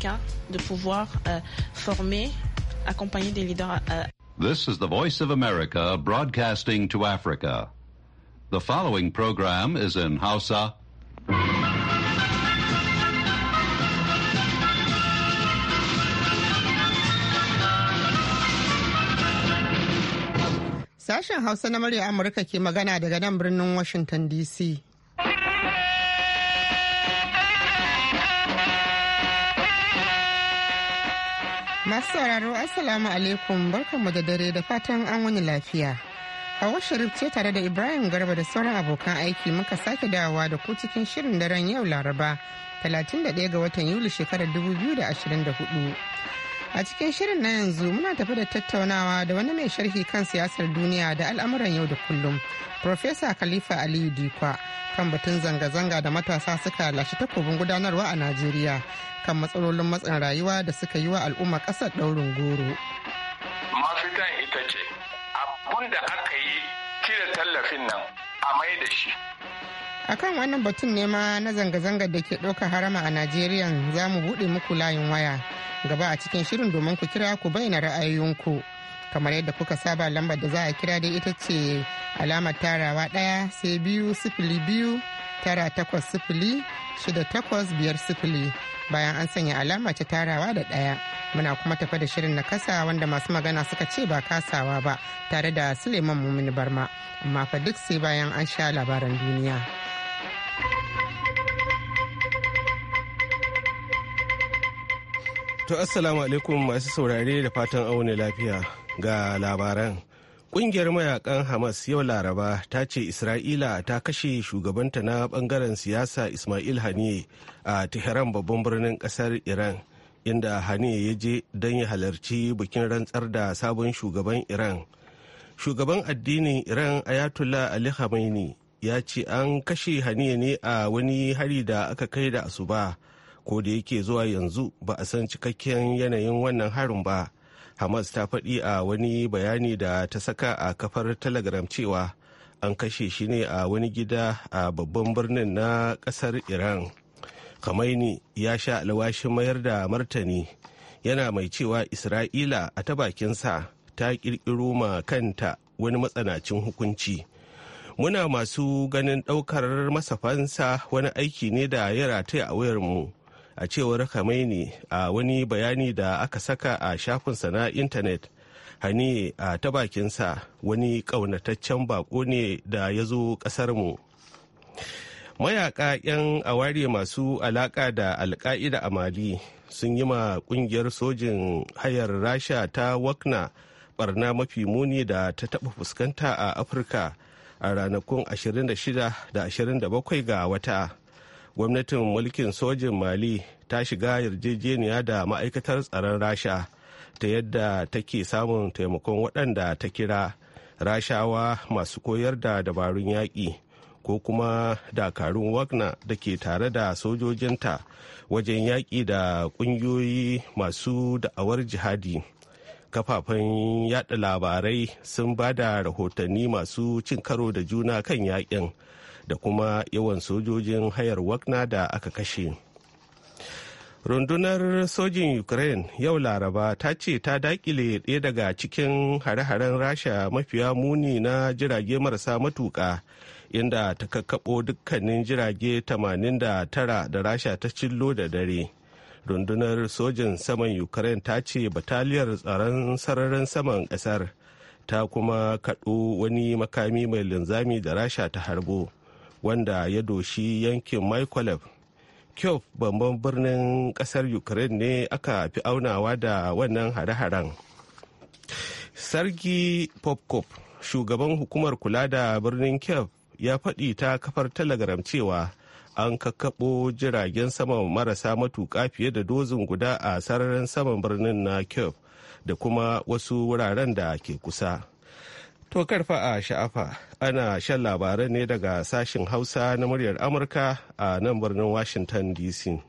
cas de pouvoir euh, former, accompagner des leaders. Euh. This is the Voice of America broadcasting to Africa. The following program is in Hausa. Sashen Hausa na murya Amurka ke magana daga nan birnin Washington DC. Masu sauraro Assalamu alaikum barkanmu da dare da fatan an wani lafiya. Hawa Sharif ce tare da Ibrahim Garba da sauran abokan aiki muka sake dawowa da ku cikin shirin daren yau Laraba 31 ga watan Yuli shekarar 2024. A cikin shirin na yanzu muna tafi da tattaunawa da wani mai sharhi kan siyasar duniya da al'amuran yau da kullum, Profesa Khalifa Aliyu Dikwa kan batun zanga-zanga da matasa suka lashe takobin gudanarwa a Najeriya kan matsalolin matsin rayuwa da suka yi wa al'umma kasar daurin goro. ita ce, abun da aka yi cire tallafin nan a mai da shi a kan wannan batun ne ma na zanga-zangar da ke ɗaukar harama a najeriya za mu buɗe muku layin waya gaba a cikin shirin domin ku kira ku bayyana ra'ayoyinku kamar yadda kuka saba lambar da za a kira dai ita ce alamar tarawa ɗaya sai biyu sifili biyu tara takwas sifili shida takwas biyar sifili bayan an sanya alama ta tarawa da ɗaya muna kuma tafa da shirin na kasa wanda masu magana suka ce ba kasawa ba tare da suleiman mumini barma amma fa duk sai bayan an sha labaran duniya to assalamu alaikum masu saurare da fatan auna lafiya ga labaran Ƙungiyar mayakan Hamas yau Laraba ta ce Isra'ila ta kashe shugabanta na ɓangaren siyasa Ismail Haniye a Tehran babban birnin ƙasar Iran, inda Haniye ya je don ya halarci bikin rantsar da sabon shugaban Iran. Shugaban addinin Iran Ayatollah Ali Khamenei ya ce an kashe Haniye ne a wani hari da aka kai da asuba, ko da yake zuwa yanzu ba a san cikakken yanayin wannan harin ba. hamas ta faɗi a wani bayani da ta saka a kafar telegram cewa an kashe shi ne a wani gida a babban birnin na ƙasar iran Khamenei ya sha alwashin mayar da martani yana mai cewa isra'ila a ta bakinsa ta ƙirƙiro ma kanta wani matsanacin hukunci muna masu ganin ɗaukar masa fansa wani aiki ne da ya rataya a wayarmu a cewar Khamenei a wani bayani da aka saka a shafinsa na intanet. Hani a ta bakinsa wani ƙaunataccen bako ne da ya zo ƙasarmu. Mayaka 'yan aware masu alaƙa da alƙa'ida a Mali sun yi ma ƙungiyar sojin hayar Rasha ta Wakna barna mafi muni da ta taɓa fuskanta a Afirka a ranakun 26 da 27 ga wata. gwamnatin mulkin sojin mali ta shiga yarjejeniya da ma'aikatar tsaron rasha ta yadda take samun taimakon waɗanda ta kira rashawa masu koyar da dabarun yaƙi ko kuma dakarun wagner da ke tare da sojojinta wajen yaƙi da ƙungiyoyi masu da'awar jihadi kafafen yaɗa labarai sun ba da rahotanni masu cin karo da juna kan yaƙin da kuma yawan sojojin hayar wakna da aka kashe rundunar sojin ukraine yau laraba ta ce ta dakile ɗaya daga cikin hare-haren rasha mafiya muni na jirage marasa matuƙa inda ta kakkaɓo dukkanin jirage 89 da rasha ta cillo da dare rundunar sojin saman ukraine ta ce bataliyar tsaron sararin saman ƙasar ta kuma kaɗo wani makami mai linzami da rasha ta harbo wanda ya doshi yankin Mykolaiv. kyov babban birnin kasar Ukraine ne aka fi aunawa da wannan hare-haren. Sargi Popkov, shugaban hukumar kula da birnin kyov ya faɗi ta kafar Telegram cewa an kakkaɓo jiragen sama marasa matuƙa fiye da dozin guda a sararin saman birnin na kyov da kuma wasu wuraren da ke kusa. To karfa a sha'afa ana shan labaran ne daga sashen Hausa na muryar Amurka a nan birnin Washington DC.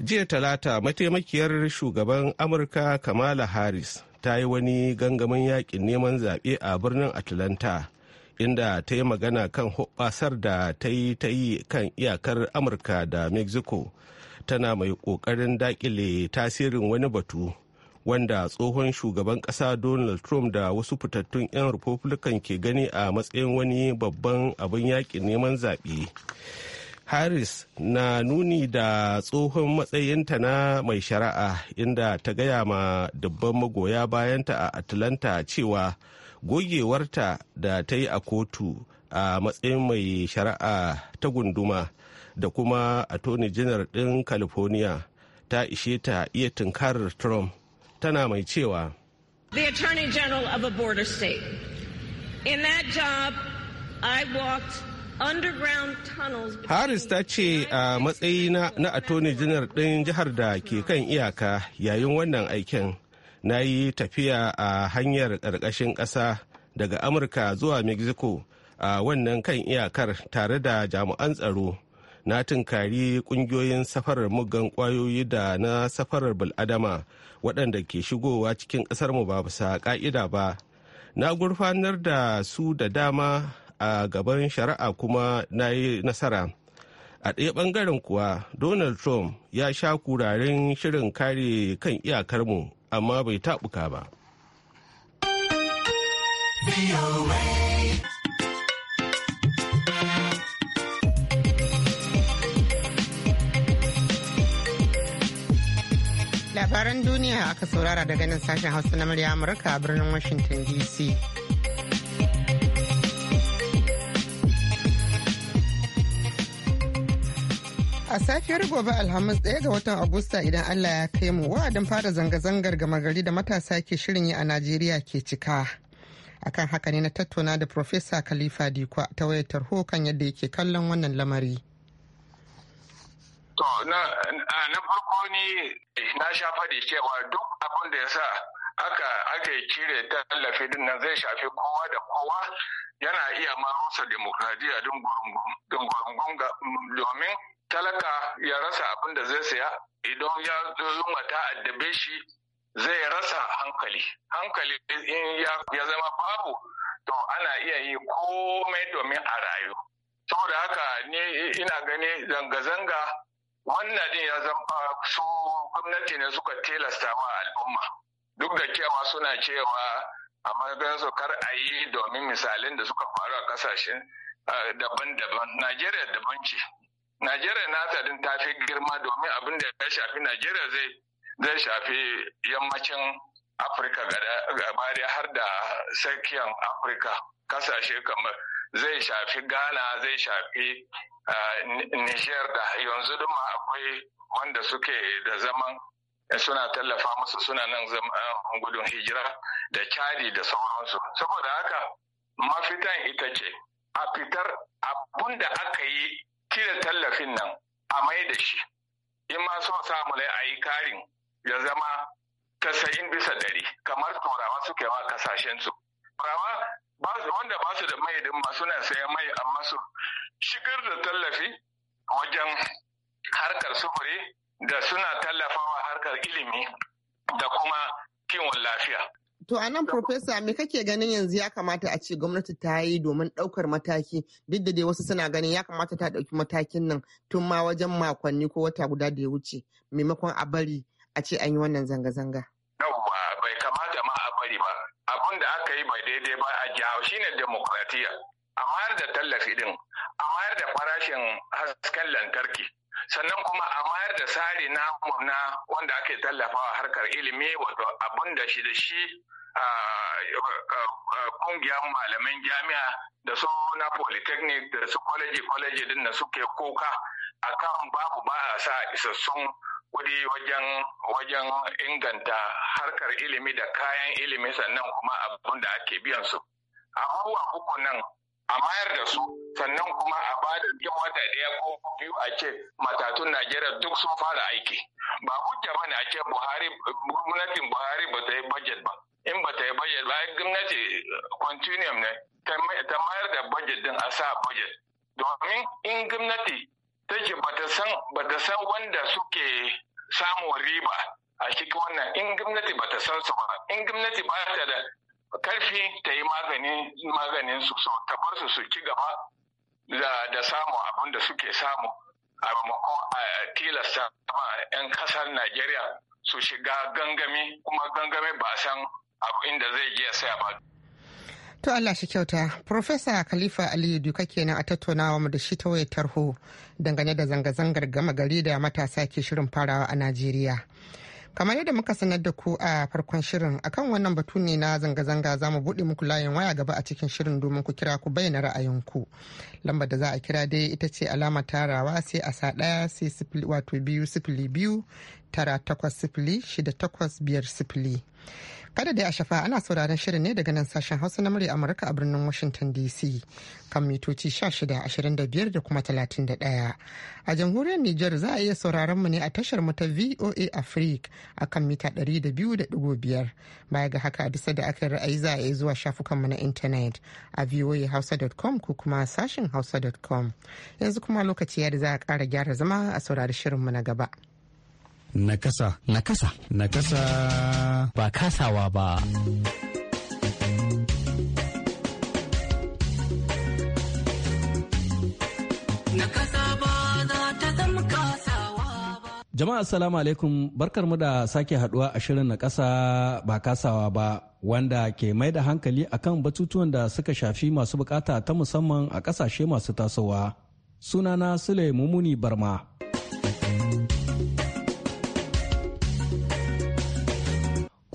Jiya talata mataimakiyar shugaban Amurka Kamala Harris ta yi wani gangamin yakin neman zaɓe a birnin Atlanta inda ta yi magana kan hoɓasar da ta yi ta yi kan iyakar Amurka da Mexico tana mai ƙoƙarin daƙile tasirin wani batu. wanda tsohon shugaban kasa donald trump da wasu fitattun 'yan republican ke gani a matsayin wani babban abin yakin neman zaɓe harris na nuni da tsohon matsayinta na mai shari'a inda ta gaya ma dubban magoya bayanta a atlanta cewa gogewarta da ta yi a kotu a matsayin mai shari'a ta gunduma da kuma attorney general ɗin california ta ishe ta iya tunkarar trump tana mai cewa The Attorney General of a border state. In that job, I walked Harris ta ce a matsayi na attorney general ɗin jihar da ke kan iyaka yayin wannan aikin na yi tafiya a hanyar ƙarƙashin ƙasa daga Amurka zuwa Mexico a wannan kan iyakar tare da jami'an tsaro na tunkari ƙungiyoyin safarar muggan ƙwayoyi da na safarar bil'adama waɗanda ke shigowa cikin ƙasarmu ba bisa ƙa'ida ba na gurfanar da su da dama a gaban shari'a kuma na yi nasara a ɗaya ɓangaren kuwa donald trump ya sha kuraren shirin kare kan iyakarmu amma bai taɓuka ba. Labaran duniya aka saurara daga nan sashen Hausa na murya Amurka a birnin Washington DC. A safiyar gobe Alhamis ɗaya ga watan Agusta idan Allah ya kai mu wa'adin fara zanga-zangar gama gari da matasa ke shirin yi a Najeriya ke cika. Akan haka ne na tattauna da Profesa Khalifa Dikwa ta wayar tarho kan yadda yake kallon wannan lamari. To na farko ni na sha faɗi cewa duk abin da ya sa aka aka cire tallafi din nan zai shafi kowa da kowa yana iya ma rusa demokradiyya din gurungun domin talaka ya rasa abin da zai saya idan ya yunwa ta addabe shi zai rasa hankali hankali in ya zama babu to ana iya yi komai domin a rayu saboda haka ni ina gani zanga-zanga wannan din ya zama ah, su gwamnati ne suka tilasta wa al'umma duk da cewa suna cewa a maganinsu kar a yi domin misalin da suka faru a kasashen ah, daban-daban najeriya daban ce najeriya na din ta fi girma domin abin da ya shafi najeriya zai zai shafi yammacin afirka gaba har da tsakiyar afirka kasashe kamar zai shafi ghana zai shafi eh, niger da yanzu duma akwai wanda suke da zaman suna tallafa musu suna nan zaman eh, gudun hijira da chadi da sauransu saboda haka mafitan ita ce a fitar abun aka yi cire tallafin nan a mai da shi in ma so samu lai a yi karin ya zama tasa'in bisa dari kamar turawa suke wa kasashensu turawa wanda ba su da mai din ba suna saya mai amma su shigar da tallafi wajen harkar sufuri da suna tallafawa harkar ilimi da kuma kiwon lafiya. To anan nan Profesa me kake ganin yanzu ya kamata a ce gwamnati ta yi domin ɗaukar mataki duk da dai wasu suna ganin ya kamata ta ɗauki matakin nan tun ma wajen makonni ko wata guda da ya wuce maimakon a bari a ce an yi wannan zanga-zanga. Yawwa bai kamata ma a bari ba Abun da aka yi bai daidai ba a demokradiyya a mayar da tallafi din a mayar da farashin hasken lantarki sannan kuma a mayar da tsari na na wanda ake tallafawa harkar ilimi wato abin da shi da shi kungiyar malaman jami'a da su na polytechnic da su college college din da suke kuka akan babu ba a sa isassun kuɗi wajen wajen inganta harkar ilimi da kayan ilimi sannan kuma abin da ake biyan su a abubuwa uku nan a mayar da su sannan kuma a ba da cikin wata ɗaya ko biyu a ce matatun Najeriya duk sun fara aiki. Ba hujja ba a ce Buhari gwamnatin Buhari ba ta yi budget ba. In ba ta yi budget ba gwamnati uh, continuum ne ta mayar da budget din a sa budget. Domin in gwamnati ta ce ba ta san wanda suke samun riba a cikin wannan in gwamnati ba ta san su ba in gwamnati ba ta da karfi ta yi maganin su ta bar su su ci gaba da samu abin da suke samu a maimakon a tilasta ma 'yan kasar Najeriya su shiga gangami kuma gangami ba san abu inda zai je saya ba. To Allah shi kyauta, Profesa Khalifa Aliyu Duka kenan a tattaunawa mu da shi ta wayar tarho dangane da zanga-zangar gama gari da matasa ke shirin farawa a Najeriya. kamar yadda muka sanar da ku a farkon shirin akan wannan batu ne na zanga-zanga za mu buɗe muku layin waya gaba a cikin shirin domin ku kira ku bayyana ra'ayinku lambar da za a kira dai ita ce alama tarawa sai a sa ɗaya sai sifili wato biyu sifili biyu tara takwas sifili shida takwas biyar sifili Kada da ya shafa ana sauraron shirin ne daga nan sashen Hausa na murya Amurka a birnin Washington DC kan mitoci 1625 da kuma 31. A jamhuriyar Nijar za a iya sauraron mu ne a tashar mu ta VOA Africa a kan mita 200.5. Baya ga haka a da aka ra'ayi za a iya zuwa shafukan mu na intanet a voahausa.com ko kuma sashen hausa.com. Yanzu kuma lokaci ya da za a kara gyara zama a saurari shirin mu na gaba. Nakasa. Nakasa. Nakasa. Ba kasawa ba. Jama'a assalamu alaikum barkarmu da sake haduwa a shirin na kasa ba kasawa ba wanda ke mai da hankali akan batutuwan da suka shafi masu bukata ta musamman a kasashe masu tasowa. Sunana Sule Mumuni Barma.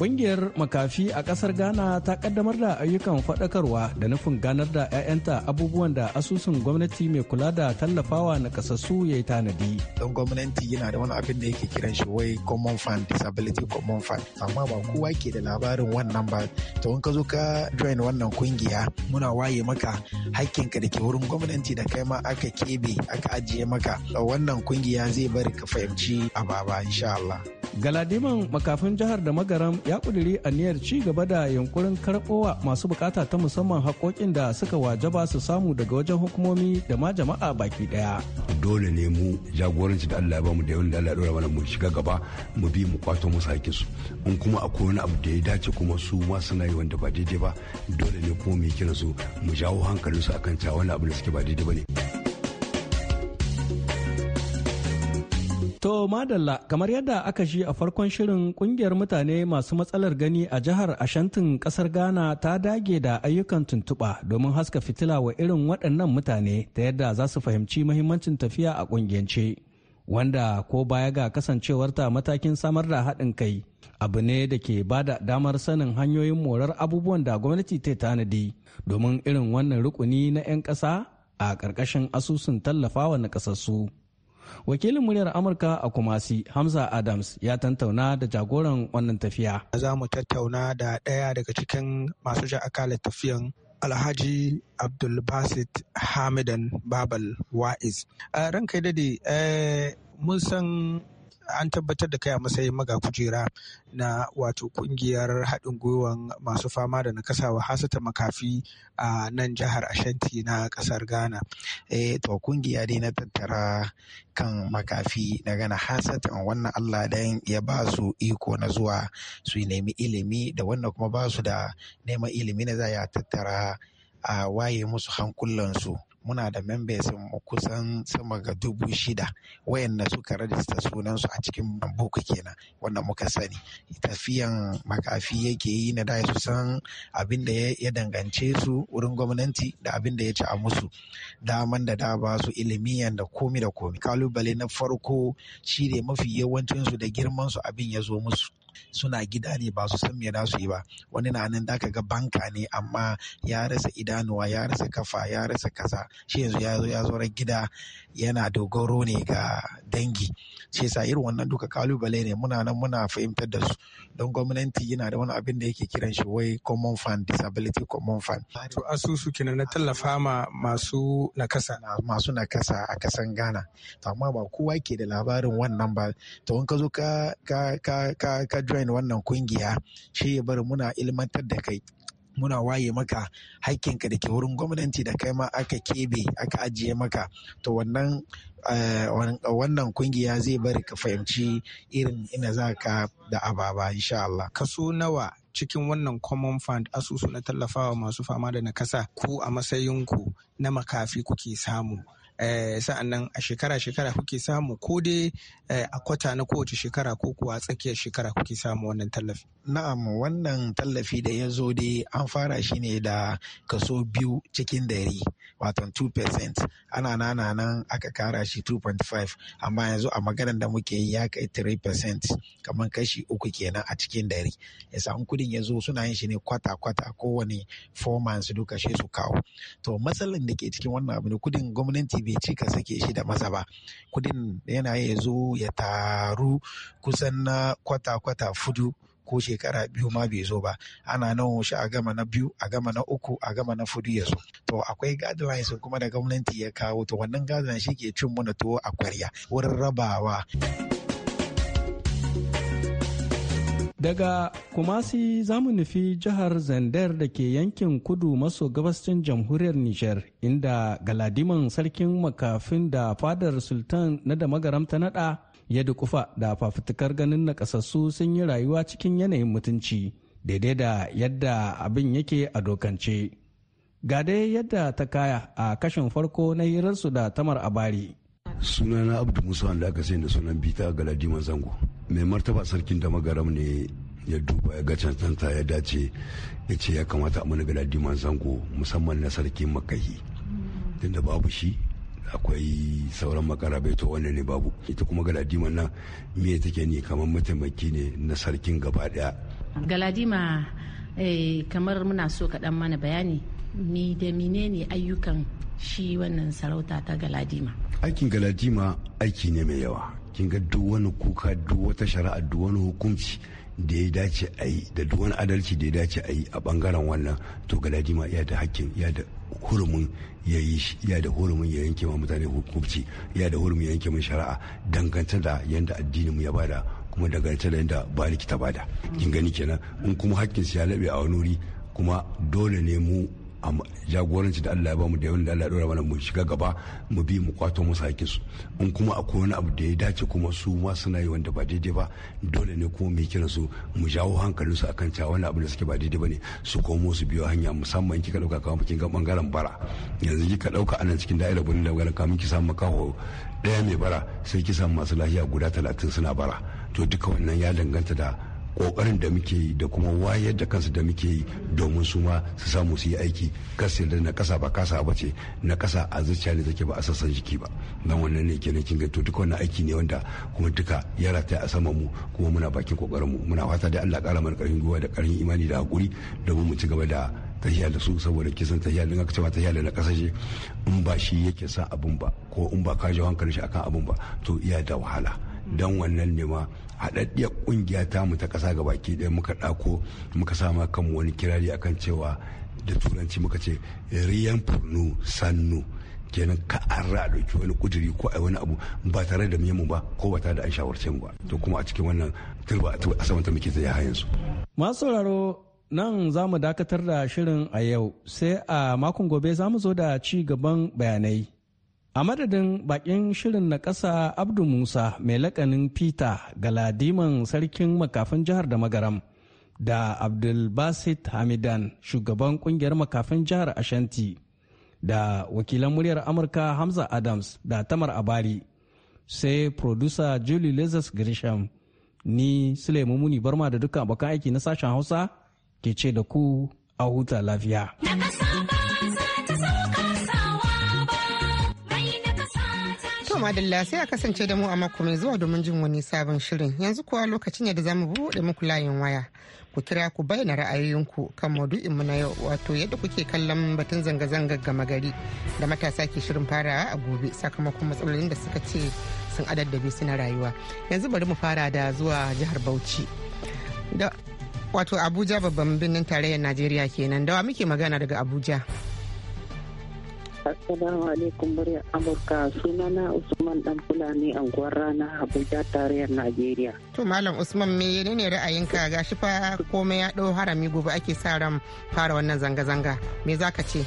Kungiyar makafi a kasar Ghana ta kaddamar da ayyukan faɗakarwa da nufin ganar da 'ya'yanta abubuwan da asusun gwamnati mai kula da tallafawa na kasassu ya yi tanadi. Don gwamnati yana da wani abin da yake kiran shi wai common fund disability common fund amma ba kowa ke da labarin wannan ba to in ka zo ka join wannan kungiya muna waye maka hakkinka da ke wurin gwamnati da kai ma aka kebe aka ajiye maka wannan kungiya zai bari ka fahimci a baba insha Allah. galadiman makafin jihar da magaram ya kuduri aniyar ci gaba da yankurin karbowa masu bukata ta musamman haƙoƙin da suka wajaba su samu daga wajen hukumomi da ma jama'a baki daya dole ne mu jagoranci da Allah ya bamu da wanda Allah ya dora mana mu shiga gaba mu bi mu kwato musu sake su in kuma akwai wani abu da ya dace kuma su ma suna yi wanda ba daidai ba dole ne kuma mu yi kira su mu jawo hankalinsu akan cewa wani abu da suke ba daidai ba ne. To madalla kamar yadda aka shi a farkon shirin kungiyar mutane masu matsalar gani a jihar Ashantin kasar Ghana ta dage da ayyukan tuntuɓa domin haska fitila wa irin waɗannan mutane ta yadda za su fahimci mahimmancin tafiya a ƙungiyance, Wanda ko baya ga kasancewarta matakin samar da haɗin kai abu ne da ke bada damar sanin hanyoyin morar abubuwan da gwamnati ta tanadi domin irin wannan rukuni na 'yan ƙasa a ƙarƙashin asusun tallafawa na ƙasassu. wakilin muryar amurka a kumasi hamza adams ya tantauna da jagoran wannan tafiya za mu tattauna da ɗaya daga cikin masu ja tafiyan alhaji abdulbasit hamidan babal wa'iz eh, ranka dade eh, mun san an tabbatar da kai a matsayin maga kujera na wato kungiyar haɗin gwiwan masu fama da nakasa wa hasata makafi a nan jihar ashanti na ƙasar ghana eh to kungiya dai na tattara kan makafi na gana hasata wannan allah dan ya ba su iko na zuwa su nemi ilimi da wannan kuma ba su da neman ilimi na za a tattara a waye musu hankulansu muna da members kusan sama ga dubu shida wayanda suka rajista sunansu a cikin book kenan wanda muka sani tafiyan makafi yake yi na da su san abin da ya dangance su wurin gwamnati da abin da ya ci a musu daman da da ba su ilimiyan da komi da komi kalubale na farko shi ne mafi yawancinsu da girmansu abin ya zo musu suna gida ne ba su san me za su yi ba wani na nan da ga banka ne amma ya rasa idanuwa ya rasa kafa ya rasa kasa shi yanzu ya zo ya zo gida yana dogaro ne ga dangi shi yasa irin wannan duka kalubale ne muna nan muna fahimtar da su don gwamnati yana da wani abin da yake kiran shi wai common fund disability common fund to asusu kenan na tallafa ma masu nakasa masu nakasa a kasan Ghana amma ba kowa ke da labarin wannan ba to in ka zo ka ka ka join wannan kungiya shi ya bari muna ilmantar da kai muna waye maka hakkinka da ke wurin gwamnati da kai ma aka kebe aka ajiye maka to wannan eh, wannan kungiya zai bari ka fahimci irin ina za ka da ababa insha Allah. Kaso nawa cikin wannan common fund asusu na tallafawa masu fama da nakasa ku a matsayinku na makafi kuke samu Eh, sa'an a shekara-shekara kuke samu ko dai eh, a kwata na kowace shekara ko kuwa tsakiyar shekara kuke samu wannan tallafi. Na'am wannan tallafi da ya zo dai an fara shi ne da kaso biyu cikin dari wato 2% ana nana nan aka kara shi 2.5 amma yanzu a maganar da muke yi ya kai 3% kamar kashi uku kenan a cikin dari yasa samu kudin ya zo suna yin shi ne kwata-kwata kowane 4 months duka shi su kawo to matsalin da ke cikin wannan abu ne kudin gwamnati bai ka sake shi da maza ba kudin yana ya zo ya taru kusan na kwata-kwata fudu ko shekara biyu ma bai zo ba ana nan shi a gama na biyu a gama na uku a gama na fudu ya zo to akwai guidelines kuma da gwamnati ya kawo to wannan guidelines shi ke cin mana tuwo a kwarya wurin rabawa. Daga Kumasi za mu nufi jihar Zandar da ke yankin kudu maso gabascin jamhuriyar Nijar, inda galadiman sarkin makafin da fadar Sultan na da magaramta naɗa ya dukufa da fafutukar ganin nakasassu sun yi rayuwa cikin yanayin mutunci, daidai da yadda abin yake a dokance. Ga dai yadda ta kaya a kashin farko na hirarsu da tamar a bari. Sunana Abdu Musa da aka sai da sunan Bita Galadiman Zango. mai martaba sarkin da magaram ne ya duba ya ga cancanta ya dace ya ce ya kamata a mana gada diman zango musamman na sarkin makahi da babu shi akwai sauran makara bai to wannan ne babu ita kuma galadima nan me take ne kamar mataimaki ne na sarkin gaba daya galadima eh, kamar muna so kaɗan mana bayani mi da menene ayyukan shi wannan sarauta ta galadima aikin galadima aiki ne mai yawa kin ga duk wani kuka duk wata shari'a duk wani hukunci da ya dace a yi da duk wani adalci da ya dace a yi a bangaren wannan to galadima ya da hakkin ya da hurumin ya yi shi ya da hurumin ya yanke ma mutane hukunci ya da hurumin ya yanke min shari'a dangance da yadda addinin mu ya bada kuma dangance da yadda baliki ta bada kin gani kenan in kuma hakkin su ya labe a wani wuri kuma dole ne mu jagoranci da Allah ya bamu da yawan da Allah ya dora mana mu shiga gaba mu bi mu kwato musu hakkin su in kuma akwai wani abu da ya dace kuma su ma suna yi wanda ba daidai ba dole ne kuma mu kira su mu jawo hankalin su akan cewa wani abu da suke ba daidai ne su komo su biyo hanya musamman kika dauka kawo kin ga bangaren bara yanzu kika dauka anan cikin daira gudun da bangaren kamun ki samu kawo daya mai bara sai kisa masu lafiya guda talatin suna bara to duka wannan ya danganta da kokarin da muke yi da kuma wayar da kansu da muke yi domin su ma su samu su yi aiki kasa da na kasa ba kasa ba ce na kasa a zuciya ne take ba a sassan jiki ba dan wannan ne kenan kin ga to duka wannan aiki ne wanda kuma duka ya rataya a saman mu kuma muna bakin kokarin mu muna fata da Allah kara mana karfin gwiwa da karfin imani da hakuri domin mu ci gaba da tahiya da su saboda kisan tahiya da aka cewa tahiya da na kasashe in ba shi yake sa abun ba ko in ba ka jawo hankalin shi akan abun ba to iya da wahala don wannan nema ma haɗaɗɗiyar ƙungiya ta mu ta ƙasa ga baki ɗaya muka ɗako muka sa ma kanmu wani kirari akan cewa da turanci muka ce riyan furnu sannu kenan ka an ra ɗauki wani kuduri ko a wani abu ba tare da mu ba ko ba tare da an shawarce mu ba to kuma a cikin wannan turba a saman ta muke ta ya yanzu. masu sauraro nan za mu dakatar da shirin a yau sai a makon gobe za mu zo da ci gaban bayanai A madadin bakin shirin na ƙasa Abdu Musa mai lakanin Peter Galadiman sarkin makafin jihar da magaram da Abdulbasit Hamidan shugaban kungiyar makafin jihar Ashanti da wakilan muryar Amurka Hamza Adams da Tamar Abari sai producer Julie Lazarus Grisham ni Suleiman Muni Barma da dukkan abokan aiki na sashen Hausa ke ce da ku a huta lafiya. madalla sai a kasance da mu a mako mai zuwa domin jin wani sabon shirin yanzu kuwa lokacin ne da za mu buɗe muku layin waya ku kira ku bayyana ra'ayoyinku kan maudu'in mu na yau wato yadda kuke kallon batun zanga-zanga gama gari da matasa ke shirin farawa a gobe sakamakon matsalolin da suka ce sun adaddabi suna rayuwa yanzu bari mu fara da zuwa jihar bauchi wato abuja babban birnin tarayyar najeriya kenan dawa muke magana daga abuja Assalamu alaikum muryar Amurka sunana Usman dan Fulani anguwar rana Abuja tarayyar Najeriya. To Malam Usman me ne ra'ayinka gashi fa komai ya ɗau harami gobe ake sa ran fara wannan zanga-zanga me zaka ce?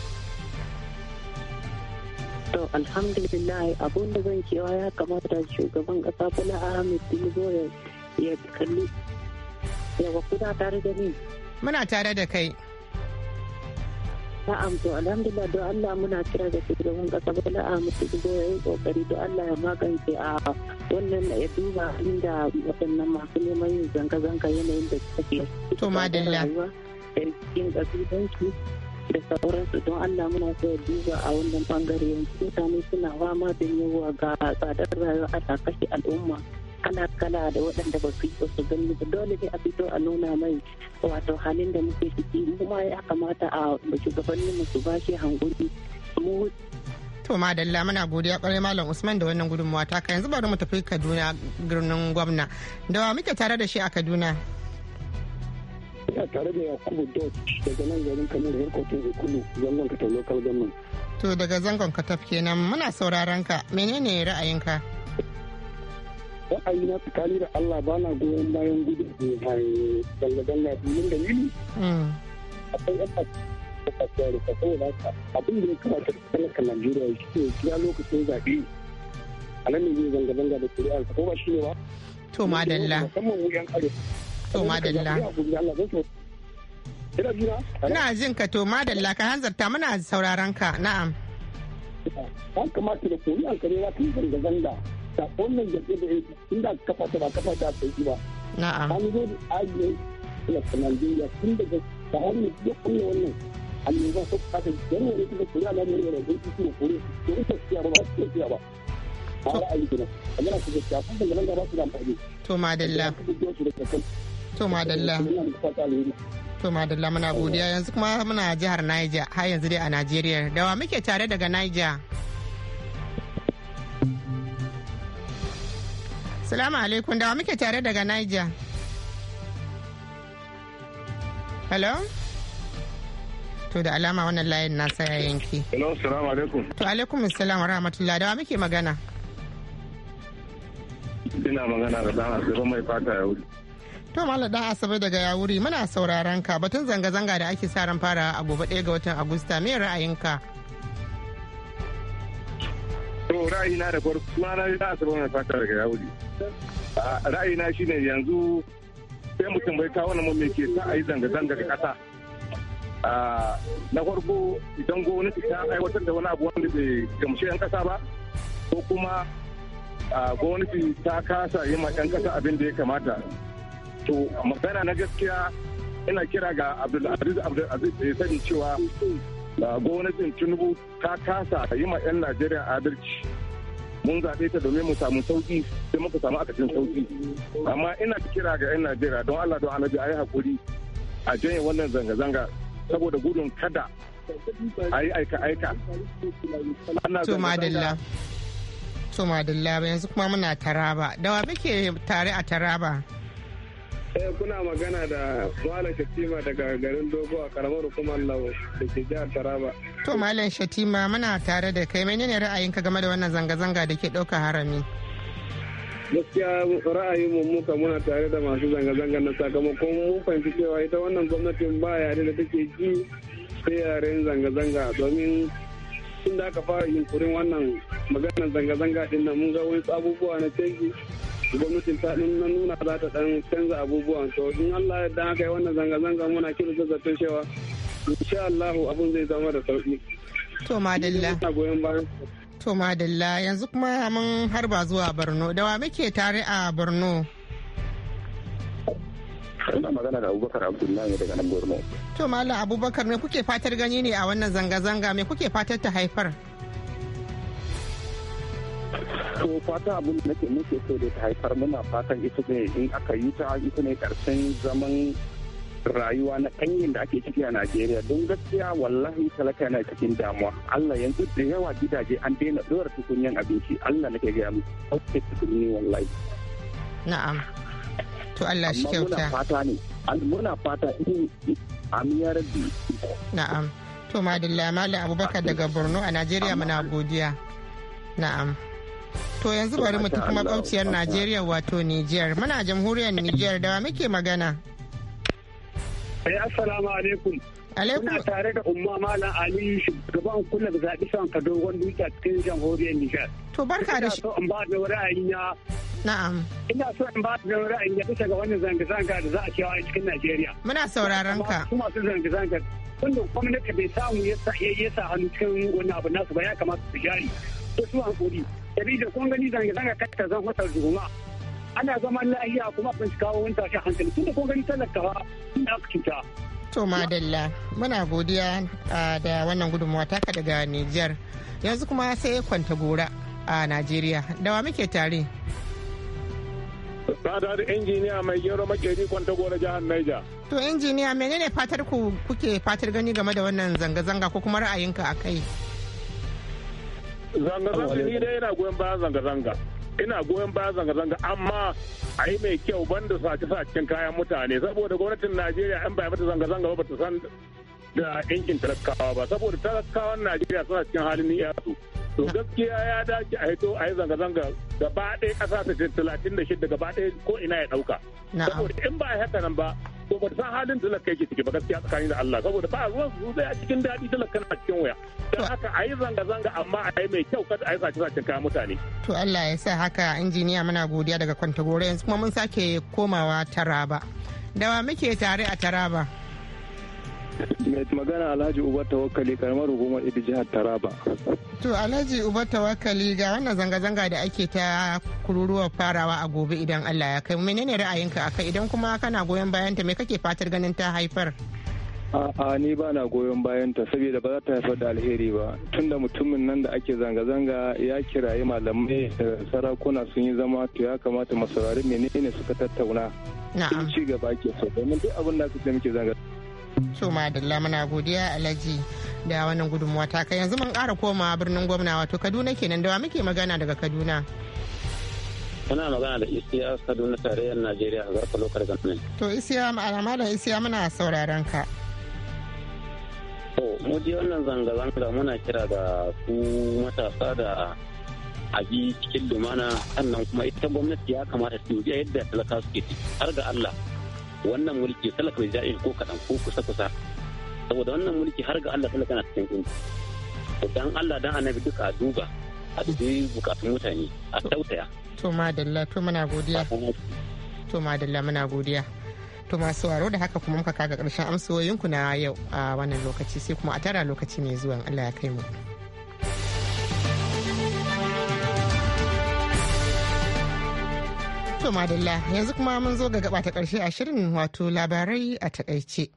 To alhamdulillah abun da zan cewa ya kamata shugaban kasa Bola Ahmed Tinubu ya kalli yawa kuna tare da ni. Muna tare da kai. Na'am to alhamdulillah don Allah muna kira da shugaban kasa bala Ahmed Tinubu ya yi kokari don Allah ya magance a wannan ya duba inda waɗannan masu neman yin zanga-zanga yanayin da suke. To madalla. Yankin ƙasidansu da sauransu don Allah muna so ya duba a wannan bangare yanzu mutane suna fama da yawa ga tsadar rayuwa a kashe al'umma. kala-kala da waɗanda ba su yi su gani ba dole ne a fito a nuna mai wato halin da muke ciki kuma ya kamata a shugabannin su ba shi hankuri mu To madalla muna godiya kwarai Malam Usman da wannan gudunmawa ta ka yanzu bari mu tafi Kaduna birnin gwamna. Da wa muke tare da shi a Kaduna? Ina tare da Yakubu Dot daga nan garin Kano Herkoto Kulu zangon ta lokal Government. To daga zangon tafke kenan muna sauraron ka menene ra'ayinka? ra'ayi na tsakani da Allah ba na goyon bayan gudu mai dalla-dalla domin dalili hmm. akwai yan da kasuwa da kasuwa da haka abin da ya kamata da talaka Najeriya shi ne kira lokacin zaɓe a nan ne zai zanga-zanga da kuri'a ko ba shi ne ba. To madalla. Musamman mu yan To madalla. Ina jin ka to madalla ka hanzarta muna sauraron ka na'am. Ya kamata da kuri'ar kare za ta yi zanga-zanga ta wannan jam'iyyar da yake tun da kafa ta ba kafa ta sauki ba an zo da ajiye tilasta najeriya tun daga tsarin da ya kunna wannan annoba ta kasa janwar ita da kuriya lamar yau da zai fi kuma kore da ita siya ba ba su iya siya ba a ra'ayi kenan a Kuma su gaskiya kun san gaban ba su da amfani to madalla to madalla to madalla muna godiya yanzu kuma muna jihar Niger har yanzu dai a Najeriya dawa muke tare daga Niger Salamu alaikum dawa muke tare daga Niger. Hello? To da alama wannan layin na saya yanki. Hello, salamu alaikum. To alaikum salam wa rahmatullah dawa muke magana. Ina magana da dan asibi mai fata ya wuri. To malam dan asabe daga ya wuri muna sauraron ka batun zanga-zanga da ake sa ran fara a gobe ɗaya ga watan Agusta me ra'ayinka? To ra'ayina da farko na da asabe mai fata daga ya wuri. ra'ayina shine yanzu sai mutum bai kawo mu mai ke sa a yi zanga-zanga ga ƙasa na farko idan gwamnati ta aiwatar da wani abu wanda bai gamshe 'yan ƙasa ba ko kuma gwamnati ta kasa yi ma 'yan ƙasa abin da ya kamata to magana na gaskiya ina kira ga abdulaziz abdulaziz da ya sani cewa gwamnatin tinubu ta kasa yi ma 'yan najeriya adalci mun zaɓe ta domin mu samu sauki sai muka samu akacin sauki amma ina kira ga 'yan najeriya don allah don alaji a yi hakuri a janye wannan zanga-zanga saboda gudun kada a yi aika-aika to madalla yanzu kuma muna taraba da wa muke tare a taraba Eh kuna magana da Malam Shatima daga garin Dogo a karamar hukumar Lawo da ke jihar Taraba. To Malam Shatima muna tare da kai menene ra'ayinka game da wannan zanga-zanga da ke ɗauka harami? Gaskiya ra'ayin mu muna tare da masu zanga-zanga na sakamakon mun fahimci cewa ita wannan gwamnatin ba yare da take ji sai yaren zanga-zanga domin tun da aka fara yunkurin wannan maganar zanga-zanga din nan mun ga wani abubuwa na canji gwamnatin ta din na nuna za ta dan canza abubuwan to in Allah ya dan kai wannan zanga-zanga muna kira zazzatun cewa insha Allah abun zai zama da sauki to madalla to madalla yanzu kuma mun harba zuwa Borno da wa muke tare a Borno ina magana da abubakar abdullahi daga nan borno to malam abubakar me kuke fatar gani ne a wannan zanga-zanga me kuke fatar ta haifar to fata abin da nake muke so da ta haifar muna fatan ita ne in aka yi ta ita ne karshen zaman rayuwa na kanyin da ake ciki a Najeriya don gaskiya wallahi talaka na cikin damuwa. Allah yanzu da yawa gidaje an daina ɗora tukunyan abinci Allah nake gaya mu ɗauke tukunni wallahi. Na'am. To Allah shi kyauta. Muna fata ne. Muna fata in amiyar bi. Na'am. To madalla Malam Abubakar daga Borno a Najeriya muna godiya. Na'am. To yanzu bari mu tafi makwabciyar Najeriya wato Nijiyar. Muna jamhuriyar Nijiyar da muke magana. Eh assalamu alaikum. Alaikum. Muna tare da umma malam Ali shugaban kula da zaɓi son ka dogon a cikin jamhuriyar Nijar. To barka da shi. Ina so in ba da ra'ayina. Na'am. Ina so in ba da ra'ayina bisa ga wannan zanga-zanga da za a cewa cikin Najeriya. Muna sauraron ka. Kuma su zanga-zanga wanda gwamnati bai samu ya sa hannu cikin wani abu nasu ba ya kamata su jari. Ko su hankuri. sabida kun gani zanga-zanga kanta zan wata juma ana zaman lahiya kuma abin shi kawo wanta shi hankali tunda kun gani talakawa ina aka cuta. to madalla muna godiya da wannan gudunmawa taka daga niger yanzu kuma sai kwanta gora a najeriya dawa muke tare Sadar injiniya mai gero makeri kwanta gora jihar Niger. To injiniya menene fatar ku kuke fatar gani game da wannan zanga-zanga ko kuma ra'ayinka akai Zanga-zanga ni dai yana goyon bayan zanga-zanga. ina goyon baya zanga-zanga amma a yi mai kyau banda sace-sacen kayan mutane saboda gwamnatin najeriya an ba mata zanga-zanga ba ta san da yankin talakawa ba saboda talakawan najeriya suna cikin halin so. to gaskiya ya dace a hito a yi zanga-zanga gaba ɗaya ƙasa ta talatin da shida gaba ɗaya ko ina ya ɗauka saboda in ba a haka nan ba to ba san halin da talaka ke ciki ba gaskiya tsakanin da Allah saboda ba a ruwan su zai a cikin daɗi talaka na cikin waya don haka a yi zanga-zanga amma a yi mai kyau kada a yi sace-sacen kayan mutane. to Allah ya sa haka injiniya muna godiya daga kwantagora yanzu kuma mun sake komawa taraba da wa muke tare a taraba. mai magana alhaji uba tawakkali karamar hukumar idi jihar taraba to alhaji uba tawakkali ga wannan zanga-zanga da ake ta kururuwar farawa a gobe idan allah ya kai menene ra'ayinka a kai idan kuma kana goyon bayanta me kake fatar ganin ta haifar a ni ba na goyon bayanta saboda ba za ta haifar da alheri ba Tun da mutumin nan da ake zanga-zanga ya kirayi malamai da sarakuna sun yi zama to ya kamata masaurari menene suka tattauna sun ci gaba ke so domin duk abin da aka ce muke zanga-zanga Suma da muna godiya alhaji da wannan gudunmuwa ta kai yanzu mun ƙara koma birnin gwamna wato kaduna kenan da muke magana daga kaduna Muna magana da Isiya Kaduna tarayyar Najeriya a zarfa lokar gwamnati. To Isiya alama da Isiya muna sauraron ka. To mu je wannan zanga-zanga muna kira da su matasa da abi cikin lumana sannan kuma ita gwamnati ya kamata su yi yadda talaka suke har ga Allah. wannan mulki talaka bai jaɗin ko kaɗan ko kusa kusa saboda wannan mulki har ga Allah talaka na cikin kunci dan Allah dan annabi duka a duba a dubi bukatun mutane a tautaya to madalla to muna godiya to madalla muna godiya to masu waro da haka kuma muka kaga karshen amsoyinku na yau a wannan lokaci sai kuma a tara lokaci mai zuwa Allah ya kai mu To madalla yanzu kuma mun zo ga gaba ta karshe a shirin wato labarai a takaice.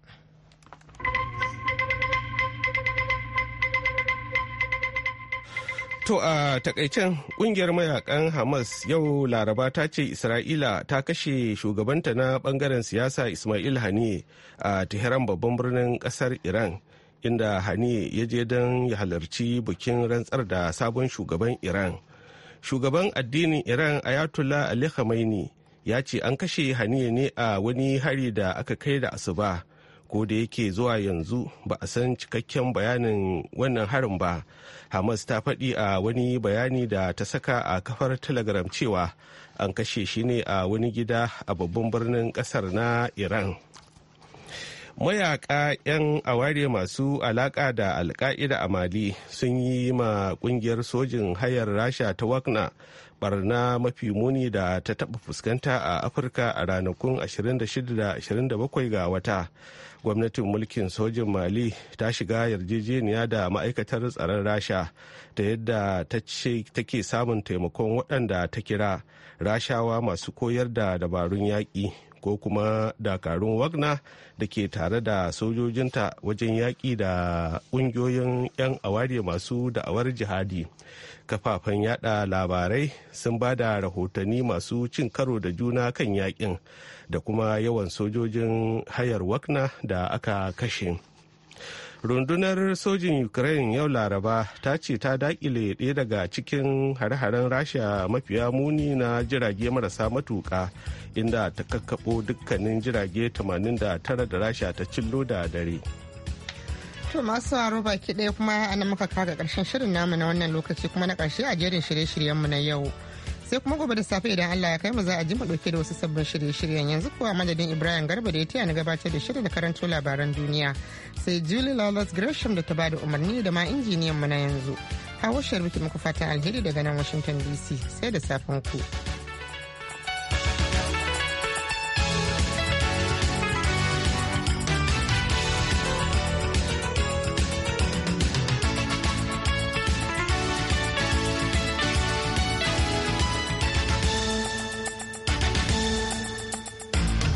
To a takaicen kungiyar mayakan Hamas yau Laraba ta ce Isra'ila ta kashe shugabanta na bangaren siyasa Ismail Haniye a Tehran babban birnin kasar Iran inda Haniye ya je don ya halarci bikin rantsar da sabon shugaban Iran. shugaban addinin iran ayatollah ali khamenei ya ce an kashe haniya ne a wani hari da aka kai da asuba ko da yake zuwa yanzu ba a san cikakken bayanin wannan harin ba hamas ta faɗi a wani bayani da ta saka a kafar telegram cewa an kashe shi ne a wani gida a babban birnin ƙasar na iran mayaka 'yan aware masu alaka da alka'ida a mali sun yi ma kungiyar sojin hayar rasha ta wakna barna mafi muni da ta taba fuskanta a afirka a ranakun 26-27 ga wata gwamnatin mulkin sojin mali ta shiga yarjejeniya da ma'aikatar tsaron rasha ta yadda ta ce take samun taimakon waɗanda ta kira rashawa masu koyar da dabarun yaƙi ko kuma dakarun wagner da ke tare da sojojinta wajen yaƙi da ƙungiyoyin 'yan aware masu da'awar jihadi kafafen yada labarai sun ba da rahotanni masu cin karo da juna kan yaƙin da kuma yawan sojojin hayar wagner da aka kashe rundunar sojin ukraine yau laraba ta ce ta dakile ɗaya daga cikin hare-haren rasha mafiya muni na jirage marasa matuka inda ta kakkaɓo dukkanin jirage 89 da rasha ta cillo da dare To masu aro baki ɗaya kuma ana muka kaga ƙarshen shirin namu na wannan lokaci kuma na ƙarshe a jerin shirye-shiryenmu na yau. sai kuma gobe da safe idan Allah ya kai mu za a ji mu dauke da wasu sabbin shirye-shiryen yanzu kuwa madadin Ibrahim Garba da ya taya na gabatar da shirin da karanto labaran duniya sai Julie Lawless Gresham da ta ba da umarni da ma injiniyan mu na yanzu. Hawa Sharif muku fatan alheri daga nan Washington DC sai da safen ku.